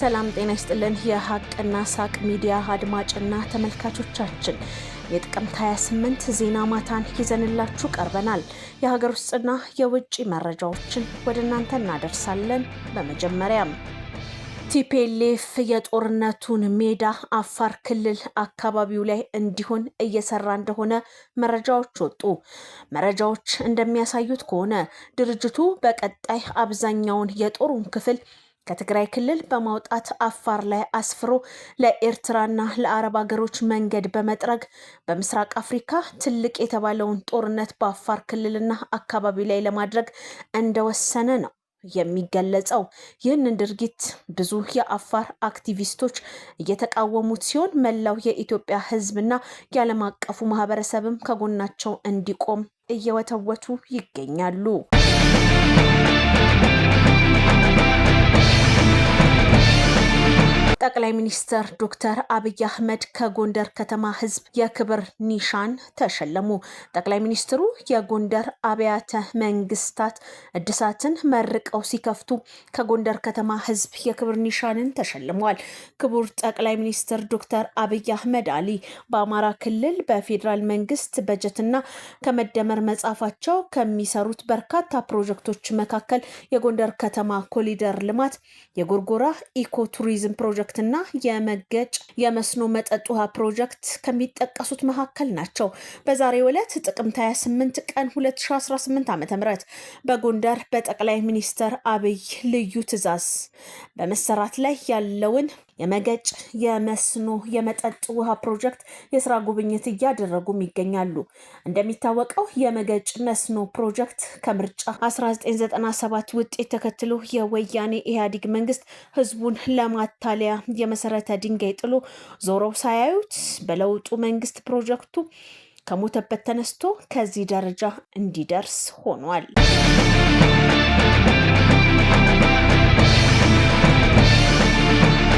ሰላም ጤና ይስጥልን። የሀቅና ሳቅ ሚዲያ አድማጭና ተመልካቾቻችን የጥቅምት 28 ዜና ማታን ይዘንላችሁ ቀርበናል። የሀገር ውስጥና የውጭ መረጃዎችን ወደ እናንተ እናደርሳለን። በመጀመሪያም ቲፔሌፍ የጦርነቱን ሜዳ አፋር ክልል አካባቢው ላይ እንዲሆን እየሰራ እንደሆነ መረጃዎች ወጡ። መረጃዎች እንደሚያሳዩት ከሆነ ድርጅቱ በቀጣይ አብዛኛውን የጦሩን ክፍል ከትግራይ ክልል በማውጣት አፋር ላይ አስፍሮ ለኤርትራና ለአረብ ሀገሮች መንገድ በመጥረግ በምስራቅ አፍሪካ ትልቅ የተባለውን ጦርነት በአፋር ክልልና አካባቢ ላይ ለማድረግ እንደወሰነ ነው የሚገለጸው። ይህንን ድርጊት ብዙ የአፋር አክቲቪስቶች እየተቃወሙት ሲሆን መላው የኢትዮጵያ ሕዝብና የዓለም አቀፉ ማህበረሰብም ከጎናቸው እንዲቆም እየወተወቱ ይገኛሉ። ጠቅላይ ሚኒስትር ዶክተር አብይ አህመድ ከጎንደር ከተማ ህዝብ የክብር ኒሻን ተሸለሙ። ጠቅላይ ሚኒስትሩ የጎንደር አብያተ መንግስታት እድሳትን መርቀው ሲከፍቱ ከጎንደር ከተማ ህዝብ የክብር ኒሻንን ተሸልመዋል። ክቡር ጠቅላይ ሚኒስትር ዶክተር አብይ አህመድ አሊ በአማራ ክልል በፌዴራል መንግስት በጀትና ከመደመር መጽሐፋቸው ከሚሰሩት በርካታ ፕሮጀክቶች መካከል የጎንደር ከተማ ኮሊደር ልማት፣ የጎርጎራ ኢኮቱሪዝም ፕሮጀክት ፕሮጀክትና የመገጭ የመስኖ መጠጥ ውሃ ፕሮጀክት ከሚጠቀሱት መካከል ናቸው። በዛሬው ዕለት ጥቅምት 28 ቀን 2018 ዓ ም በጎንደር በጠቅላይ ሚኒስትር አብይ ልዩ ትዕዛዝ በመሰራት ላይ ያለውን የመገጭ የመስኖ የመጠጥ ውሃ ፕሮጀክት የስራ ጉብኝት እያደረጉም ይገኛሉ። እንደሚታወቀው የመገጭ መስኖ ፕሮጀክት ከምርጫ 1997 ውጤት ተከትሎ የወያኔ ኢህአዴግ መንግስት ህዝቡን ለማታለያ የመሰረተ ድንጋይ ጥሎ ዞሮ ሳያዩት በለውጡ መንግስት ፕሮጀክቱ ከሞተበት ተነስቶ ከዚህ ደረጃ እንዲደርስ ሆኗል።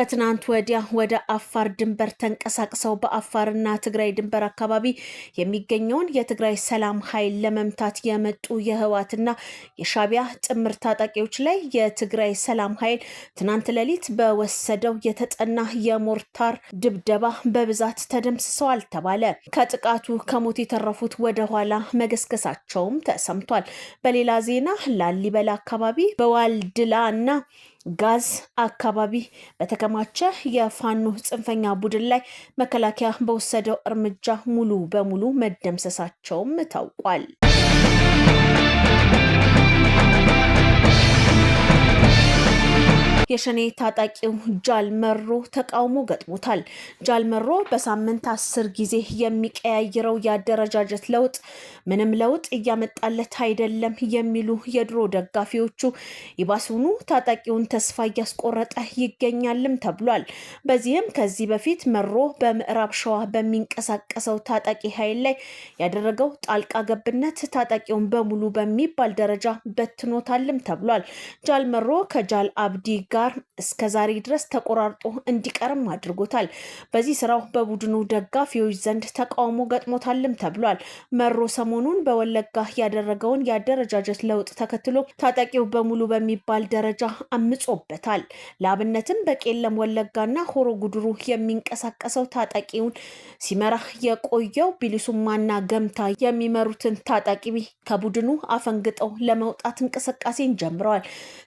ከትናንት ወዲያ ወደ አፋር ድንበር ተንቀሳቅሰው በአፋርና ትግራይ ድንበር አካባቢ የሚገኘውን የትግራይ ሰላም ኃይል ለመምታት የመጡ የህወሓትና የሻቢያ ጥምር ታጣቂዎች ላይ የትግራይ ሰላም ኃይል ትናንት ሌሊት በወሰደው የተጠና የሞርታር ድብደባ በብዛት ተደምስሰዋል ተባለ። ከጥቃቱ ከሞት የተረፉት ወደኋላ መገስገሳቸውም ተሰምቷል። በሌላ ዜና ላሊበላ አካባቢ በዋልድላ እና ጋዝ አካባቢ በተከማቸ የፋኖ ጽንፈኛ ቡድን ላይ መከላከያ በወሰደው እርምጃ ሙሉ በሙሉ መደምሰሳቸውም ታውቋል። የሸኔ ታጣቂው ጃል መሮ ተቃውሞ ገጥሞታል። ጃል መሮ በሳምንት አስር ጊዜ የሚቀያይረው የአደረጃጀት ለውጥ ምንም ለውጥ እያመጣለት አይደለም የሚሉ የድሮ ደጋፊዎቹ ይባስኑ ታጣቂውን ተስፋ እያስቆረጠ ይገኛልም ተብሏል። በዚህም ከዚህ በፊት መሮ በምዕራብ ሸዋ በሚንቀሳቀሰው ታጣቂ ኃይል ላይ ያደረገው ጣልቃ ገብነት ታጣቂውን በሙሉ በሚባል ደረጃ በትኖታልም ተብሏል። ጃል መሮ ከጃል አብዲ ጋር ጋር እስከ ዛሬ ድረስ ተቆራርጦ እንዲቀርም አድርጎታል። በዚህ ስራው በቡድኑ ደጋፊዎች ዘንድ ተቃውሞ ገጥሞታልም ተብሏል። መሮ ሰሞኑን በወለጋ ያደረገውን የአደረጃጀት ለውጥ ተከትሎ ታጣቂው በሙሉ በሚባል ደረጃ አምጾበታል። ለአብነትም በቄለም ወለጋና ሆሮ ጉድሩ የሚንቀሳቀሰው ታጣቂውን ሲመራ የቆየው ቢሊሱማና ገምታ የሚመሩትን ታጣቂ ከቡድኑ አፈንግጠው ለመውጣት እንቅስቃሴን ጀምረዋል።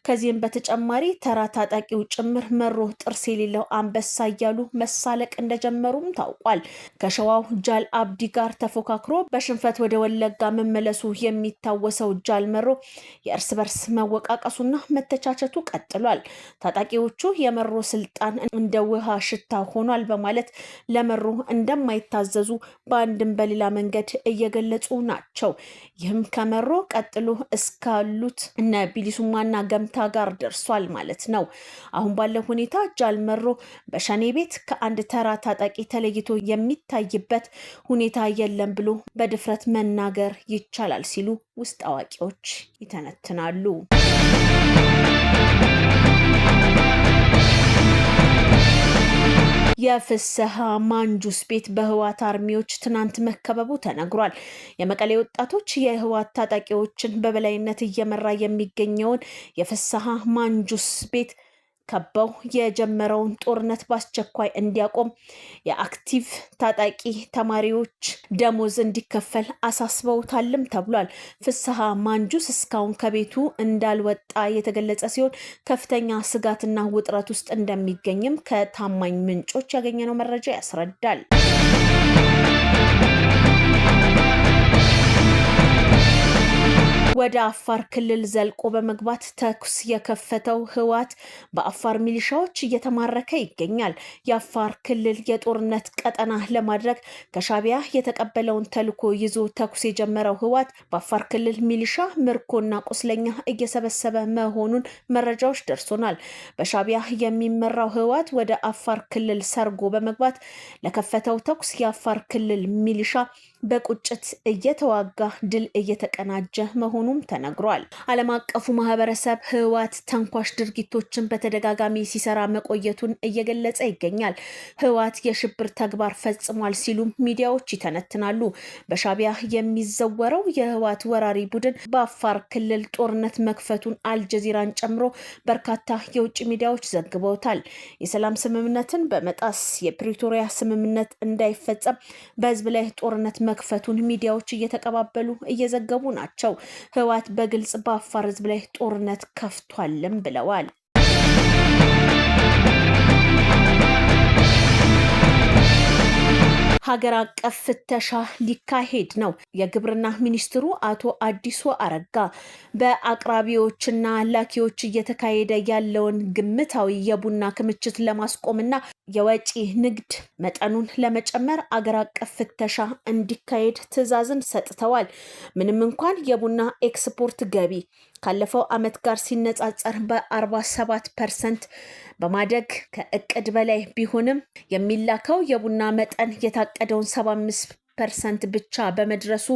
ከዚህም በተጨማሪ ተራታ ታጣቂው ጭምር መሮ ጥርስ የሌለው አንበሳ እያሉ መሳለቅ እንደጀመሩም ታውቋል። ከሸዋው ጃል አብዲ ጋር ተፎካክሮ በሽንፈት ወደ ወለጋ መመለሱ የሚታወሰው ጃል መሮ የእርስ በርስ መወቃቀሱና መተቻቸቱ ቀጥሏል። ታጣቂዎቹ የመሮ ስልጣን እንደ ውሃ ሽታ ሆኗል በማለት ለመሮ እንደማይታዘዙ በአንድም በሌላ መንገድ እየገለጹ ናቸው። ይህም ከመሮ ቀጥሎ እስካሉት እነ ቢሊሱማና ገምታ ጋር ደርሷል ማለት ነው። አሁን ባለው ሁኔታ ጃል መሮ በሸኔ ቤት ከአንድ ተራ ታጣቂ ተለይቶ የሚታይበት ሁኔታ የለም ብሎ በድፍረት መናገር ይቻላል ሲሉ ውስጥ አዋቂዎች ይተነትናሉ። የፍስሐ ማንጁስ ቤት በህዋት አርሚዎች ትናንት መከበቡ ተነግሯል። የመቀሌ ወጣቶች የህዋት ታጣቂዎችን በበላይነት እየመራ የሚገኘውን የፍስሐ ማንጁስ ቤት ከበው የጀመረውን ጦርነት በአስቸኳይ እንዲያቆም የአክቲቭ ታጣቂ ተማሪዎች ደሞዝ እንዲከፈል አሳስበውታልም ተብሏል። ፍስሐ ማንጁስ እስካሁን ከቤቱ እንዳልወጣ የተገለጸ ሲሆን ከፍተኛ ስጋትና ውጥረት ውስጥ እንደሚገኝም ከታማኝ ምንጮች ያገኘነው መረጃ ያስረዳል። ወደ አፋር ክልል ዘልቆ በመግባት ተኩስ የከፈተው ህወሓት በአፋር ሚሊሻዎች እየተማረከ ይገኛል። የአፋር ክልል የጦርነት ቀጠና ለማድረግ ከሻቢያ የተቀበለውን ተልዕኮ ይዞ ተኩስ የጀመረው ህወሓት በአፋር ክልል ሚሊሻ ምርኮና ቁስለኛ እየሰበሰበ መሆኑን መረጃዎች ደርሶናል። በሻቢያ የሚመራው ህወሓት ወደ አፋር ክልል ሰርጎ በመግባት ለከፈተው ተኩስ የአፋር ክልል ሚሊሻ በቁጭት እየተዋጋ ድል እየተቀናጀ መሆኑ መሆኑም ተነግሯል። ዓለም አቀፉ ማህበረሰብ ህወሓት ተንኳሽ ድርጊቶችን በተደጋጋሚ ሲሰራ መቆየቱን እየገለጸ ይገኛል። ህወሓት የሽብር ተግባር ፈጽሟል ሲሉም ሚዲያዎች ይተነትናሉ። በሻቢያ የሚዘወረው የህወሓት ወራሪ ቡድን በአፋር ክልል ጦርነት መክፈቱን አልጀዚራን ጨምሮ በርካታ የውጭ ሚዲያዎች ዘግበውታል። የሰላም ስምምነትን በመጣስ የፕሪቶሪያ ስምምነት እንዳይፈጸም በህዝብ ላይ ጦርነት መክፈቱን ሚዲያዎች እየተቀባበሉ እየዘገቡ ናቸው። ህወሓት በግልጽ በአፋር ህዝብ ላይ ጦርነት ከፍቷልም ብለዋል። ሀገር አቀፍ ፍተሻ ሊካሄድ ነው። የግብርና ሚኒስትሩ አቶ አዲሱ አረጋ በአቅራቢዎችና ላኪዎች እየተካሄደ ያለውን ግምታዊ የቡና ክምችት ለማስቆምና የወጪ ንግድ መጠኑን ለመጨመር አገር አቀፍ ፍተሻ እንዲካሄድ ትዕዛዝን ሰጥተዋል። ምንም እንኳን የቡና ኤክስፖርት ገቢ ካለፈው ዓመት ጋር ሲነጻጸር በ47 ፐርሰንት በማደግ ከእቅድ በላይ ቢሆንም የሚላከው የቡና መጠን የታቀደውን 75 ፐርሰንት ብቻ በመድረሱ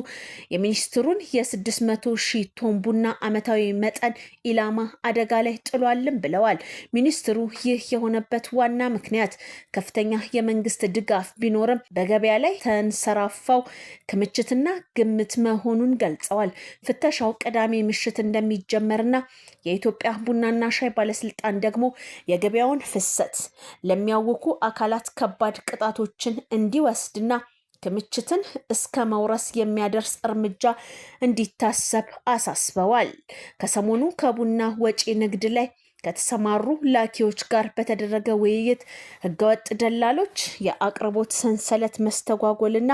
የሚኒስትሩን የ600 ሺህ ቶን ቡና ዓመታዊ መጠን ኢላማ አደጋ ላይ ጥሏልም ብለዋል። ሚኒስትሩ ይህ የሆነበት ዋና ምክንያት ከፍተኛ የመንግስት ድጋፍ ቢኖርም በገበያ ላይ ተንሰራፋው ክምችትና ግምት መሆኑን ገልጸዋል። ፍተሻው ቅዳሜ ምሽት እንደሚጀመርና የኢትዮጵያ ቡናና ሻይ ባለስልጣን ደግሞ የገበያውን ፍሰት ለሚያውኩ አካላት ከባድ ቅጣቶችን እንዲወስድና ክምችትን እስከ መውረስ የሚያደርስ እርምጃ እንዲታሰብ አሳስበዋል። ከሰሞኑ ከቡና ወጪ ንግድ ላይ ከተሰማሩ ላኪዎች ጋር በተደረገ ውይይት ህገወጥ ደላሎች፣ የአቅርቦት ሰንሰለት መስተጓጎልና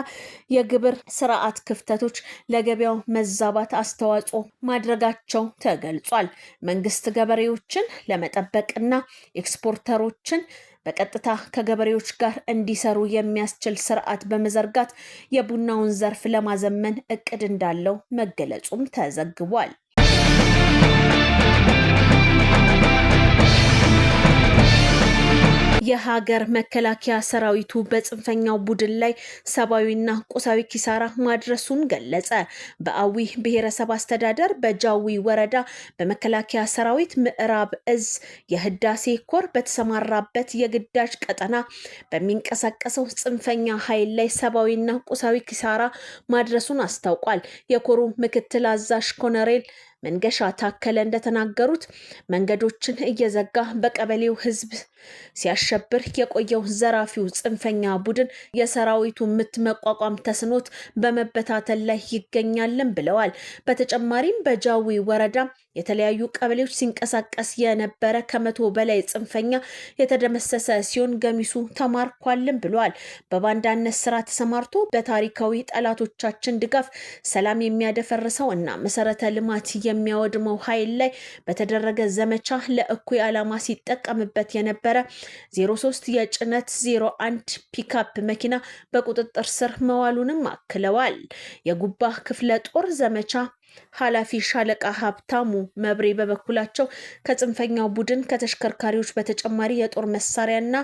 የግብር ስርዓት ክፍተቶች ለገበያው መዛባት አስተዋጽኦ ማድረጋቸው ተገልጿል። መንግስት ገበሬዎችን ለመጠበቅና ኤክስፖርተሮችን በቀጥታ ከገበሬዎች ጋር እንዲሰሩ የሚያስችል ስርዓት በመዘርጋት የቡናውን ዘርፍ ለማዘመን እቅድ እንዳለው መገለጹም ተዘግቧል። የሀገር መከላከያ ሰራዊቱ በጽንፈኛው ቡድን ላይ ሰብአዊና ቁሳዊ ኪሳራ ማድረሱን ገለጸ። በአዊ ብሔረሰብ አስተዳደር በጃዊ ወረዳ በመከላከያ ሰራዊት ምዕራብ እዝ የህዳሴ ኮር በተሰማራበት የግዳጅ ቀጠና በሚንቀሳቀሰው ጽንፈኛ ኃይል ላይ ሰብአዊና ቁሳዊ ኪሳራ ማድረሱን አስታውቋል። የኮሩ ምክትል አዛዥ ኮነሬል መንገሻ ታከለ እንደተናገሩት መንገዶችን እየዘጋ በቀበሌው ህዝብ ሲያሸብር የቆየው ዘራፊው ጽንፈኛ ቡድን የሰራዊቱ ምት መቋቋም ተስኖት በመበታተል ላይ ይገኛልን ብለዋል። በተጨማሪም በጃዊ ወረዳ የተለያዩ ቀበሌዎች ሲንቀሳቀስ የነበረ ከመቶ በላይ ጽንፈኛ የተደመሰሰ ሲሆን ገሚሱ ተማርኳልም ብለዋል። በባንዳነት ስራ ተሰማርቶ በታሪካዊ ጠላቶቻችን ድጋፍ ሰላም የሚያደፈርሰው እና መሰረተ ልማት የሚያወድመው ኃይል ላይ በተደረገ ዘመቻ ለእኩይ ዓላማ ሲጠቀምበት የነበረ 03 የጭነት 01 ፒካፕ መኪና በቁጥጥር ስር መዋሉንም አክለዋል። የጉባ ክፍለ ጦር ዘመቻ ኃላፊ ሻለቃ ሀብታሙ መብሬ በበኩላቸው ከጽንፈኛው ቡድን ከተሽከርካሪዎች በተጨማሪ የጦር መሳሪያና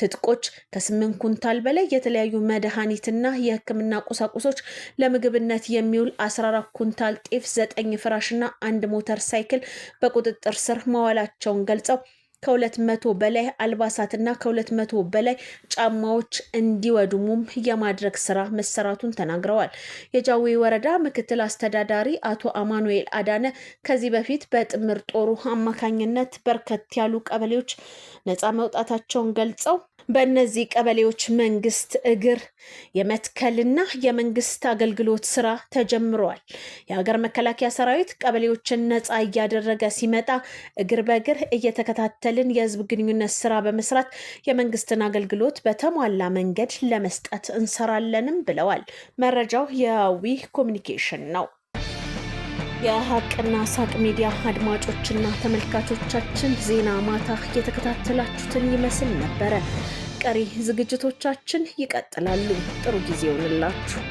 ትጥቆች ከስምንት ኩንታል በላይ የተለያዩ መድኃኒትና የሕክምና ቁሳቁሶች ለምግብነት የሚውል አስራ አራት ኩንታል ጤፍ፣ ዘጠኝ ፍራሽና አንድ ሞተር ሳይክል በቁጥጥር ስር መዋላቸውን ገልጸው ከሁለት መቶ በላይ አልባሳትና ከሁለት መቶ በላይ ጫማዎች እንዲወድሙም የማድረግ ስራ መሰራቱን ተናግረዋል። የጃዊ ወረዳ ምክትል አስተዳዳሪ አቶ አማኑኤል አዳነ ከዚህ በፊት በጥምር ጦሩ አማካኝነት በርከት ያሉ ቀበሌዎች ነፃ መውጣታቸውን ገልጸው በእነዚህ ቀበሌዎች መንግስት እግር የመትከልና የመንግስት አገልግሎት ስራ ተጀምረዋል። የሀገር መከላከያ ሰራዊት ቀበሌዎችን ነፃ እያደረገ ሲመጣ እግር በእግር እየተከታተልን የህዝብ ግንኙነት ስራ በመስራት የመንግስትን አገልግሎት በተሟላ መንገድ ለመስጠት እንሰራለንም ብለዋል። መረጃው የዊ ኮሚኒኬሽን ነው። የሀቅና ሳቅ ሚዲያ አድማጮችና ተመልካቾቻችን ዜና ማታ የተከታተላችሁትን ይመስል ነበረ። ቀሪ ዝግጅቶቻችን ይቀጥላሉ። ጥሩ ጊዜ ይሆንላችሁ።